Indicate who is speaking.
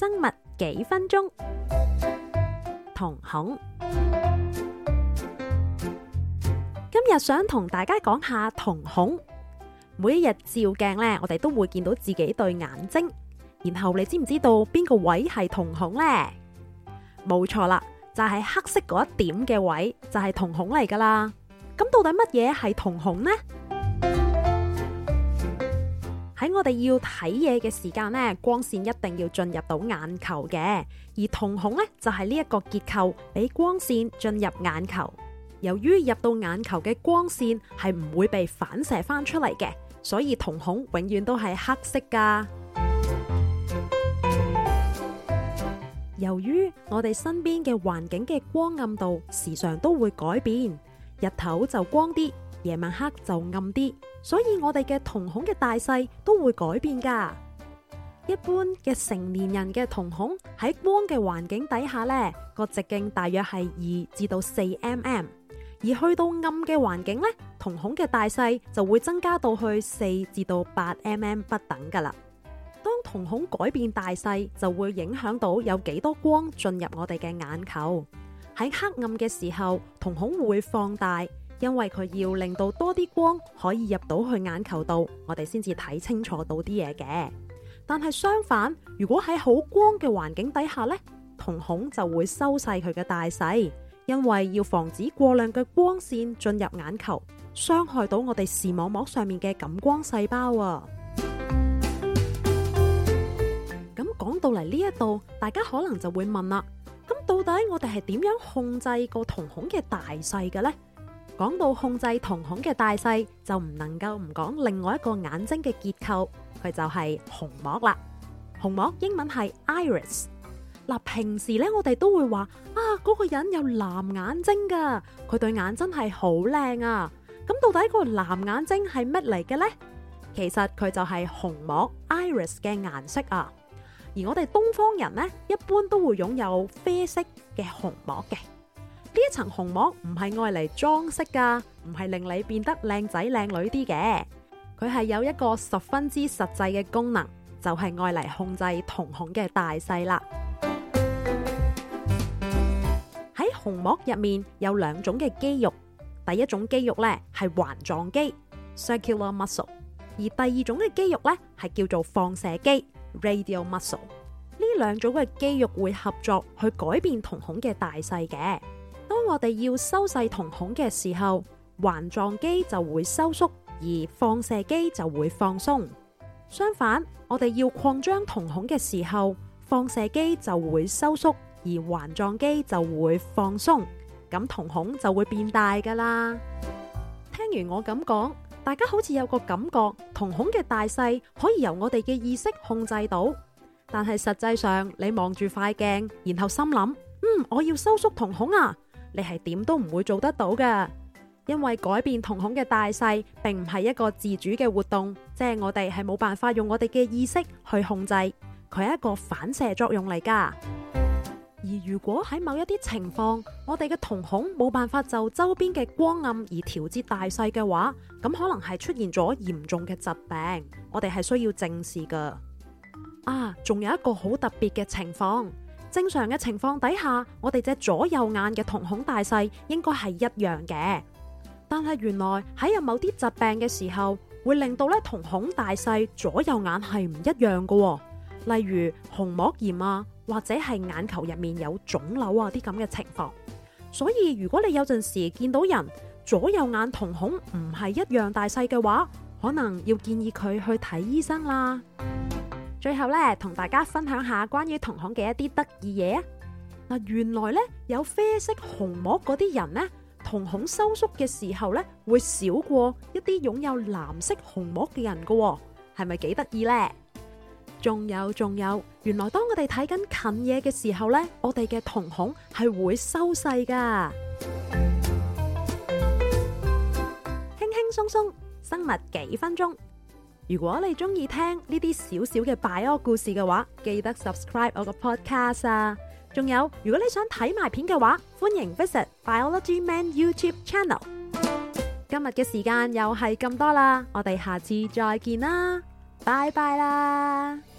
Speaker 1: 生物幾分鐘，瞳孔。今日想同大家講下瞳孔。每一日照鏡呢，我哋都會見到自己對眼睛。然後你知唔知道邊個位係瞳孔呢？冇錯啦，就係黑色嗰一點嘅位，就係瞳孔嚟噶啦。咁到底乜嘢係瞳孔呢？喺我哋要睇嘢嘅時間呢，光線一定要進入到眼球嘅，而瞳孔呢，就係呢一個結構，俾光線進入眼球。由於入到眼球嘅光線係唔會被反射翻出嚟嘅，所以瞳孔永遠都係黑色噶。 由於我哋身邊嘅環境嘅光暗度時常都會改變，日頭就光啲。夜晚黑就暗啲，所以我哋嘅瞳孔嘅大細都會改變噶。一般嘅成年人嘅瞳孔喺光嘅環境底下呢，個直徑大約係二至到四 mm，而去到暗嘅環境呢，瞳孔嘅大細就會增加到去四至到八 mm 不等噶啦。當瞳孔改變大細，就會影響到有幾多光進入我哋嘅眼球。喺黑暗嘅時候，瞳孔會放大。因為佢要令到多啲光可以入到去眼球度，我哋先至睇清楚到啲嘢嘅。但係相反，如果喺好光嘅環境底下呢，瞳孔就會收細佢嘅大細，因為要防止過量嘅光線進入眼球，傷害到我哋視網膜上面嘅感光細胞啊。咁講 到嚟呢一度，大家可能就會問啦，「咁到底我哋係點樣控制個瞳孔嘅大細嘅呢？」講到控制瞳孔嘅大細，就唔能夠唔講另外一個眼睛嘅結構，佢就係虹膜啦。虹膜英文係 iris。嗱，平時咧我哋都會話啊，嗰個人有藍眼睛噶，佢對眼真係好靚啊！咁到底個藍眼睛係乜嚟嘅呢？其實佢就係虹膜 iris 嘅顏色啊。而我哋東方人呢，一般都會擁有啡色嘅虹膜嘅。呢一層虹膜唔係用嚟裝飾㗎，唔係令你變得靚仔靚女啲嘅。佢係有一個十分之實際嘅功能，就係用嚟控制瞳孔嘅大細啦。喺虹 膜入面有兩種嘅肌肉，第一種肌肉呢係環狀肌 （circular muscle），而第二種嘅肌肉呢係叫做放射肌 （radial muscle）。呢兩種嘅肌肉會合作去改變瞳孔嘅大細嘅。我哋要收細瞳孔嘅時候，環狀肌就會收縮，而放射肌就會放鬆。相反，我哋要擴張瞳孔嘅時候，放射肌就會收縮，而環狀肌就會放鬆。咁瞳孔就會變大㗎喇。聽完我咁講，大家好似有個感覺，瞳孔嘅大細可以由我哋嘅意識控制到。但係實際上，你望住塊鏡，然後心諗，嗯，我要收縮瞳孔啊。你係點都唔會做得到噶，因為改變瞳孔嘅大細，並唔係一個自主嘅活動，即係我哋係冇辦法用我哋嘅意識去控制，佢係一個反射作用嚟噶。而如果喺某一啲情況，我哋嘅瞳孔冇辦法就周邊嘅光暗而調節大細嘅話，咁可能係出現咗嚴重嘅疾病，我哋係需要正視噶。啊，仲有一個好特別嘅情況。正常嘅情況底下，我哋隻左右眼嘅瞳孔大細應該係一樣嘅。但係原來喺有某啲疾病嘅時候，會令到咧瞳孔大細左右眼係唔一樣嘅。例如虹膜炎啊，或者係眼球入面有腫瘤啊啲咁嘅情況。所以如果你有陣時見到人左右眼瞳孔唔係一樣大細嘅話，可能要建議佢去睇醫生啦。最後咧，同大家分享下關於瞳孔嘅一啲得意嘢啊！嗱，原來咧，有啡色虹膜嗰啲人咧，瞳孔收縮嘅時候咧，會少過一啲擁有藍色虹膜嘅人噶，係咪幾得意呢？仲有仲有，原來當我哋睇緊近嘢嘅時候咧，我哋嘅瞳孔係會收細噶，輕輕鬆鬆，生物幾分鐘。如果你中意聽呢啲少少嘅 biology 故事嘅話，記得 subscribe 我個 podcast 啊！仲有，如果你想睇埋片嘅話，歡迎 visit Biology Man YouTube channel。 今日嘅時間又係咁多啦，我哋下次再見啦，拜拜啦！